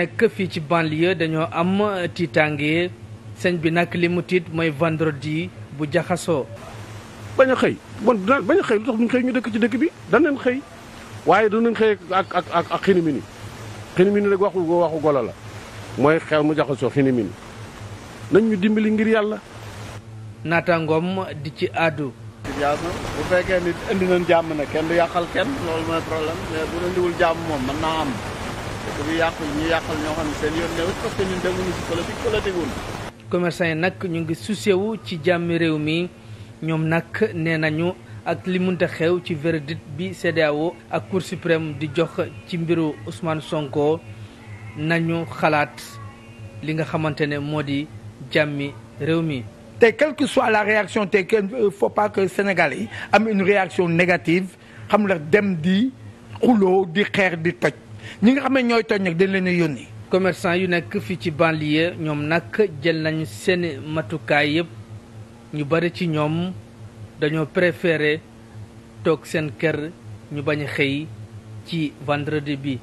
nekk fii ci banlieue dañoo am tiitaange sëñ bi nag li mu tiit mooy vendredi bu jaxasoo. bañ a xëy bon daan bañ a xëy lu tax duñ xëy ñu dëkk ci dëkk bi danañ xëy waaye danañ xëy ak ak ak ak xinimini xinimini rek waxu waxu golo la mooy xew mu jaxasoo xinimini nañ ñu dimbali ngir yàlla. naataangom di ci àddu. bu fekkee nit indi nañ jàmm na kenn du yàqal kenn loolu mooy problème bu indiwul jàmm moom mën naa am. dëkk yi nag ñu ngi soucié ci jàmmi réew mi ñoom nag nee nañu ak li munta xew ci verdict bi CEDEAO ak Cour suprême di jox ci mbiru Ousmane Sonko nañu xalaat li nga xamante ne moo di jàmmi réew mi te quelle que soit la réaction te il euh, faut que Sénégal yi am une réaction négative xam la dem di xuloo di xeer di toj ñi nga xam ñooy tooñ nag dañ leen a yónni. commerçant yu nekk fii ci banlieue ñoom nag jël nañ seeni matukaay yëpp ñu bari ci ñoom dañoo préféré toog seen kër ñu bañ a xëy ci vendredi bi.